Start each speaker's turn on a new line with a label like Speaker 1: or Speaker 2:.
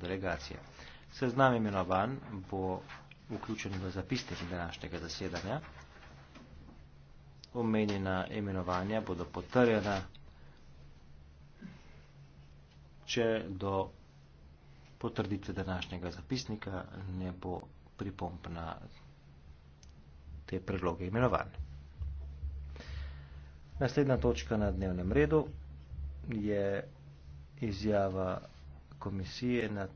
Speaker 1: delegacije. Seznam imenovan bo vključen v zapisnik današnjega zasedanja. Omenjena imenovanja bodo potrjena, če do potrditve današnjega zapisnika ne bo pripompna te predloge imenovanj. Naslednja točka na dnevnem redu je izjava komisije
Speaker 2: na te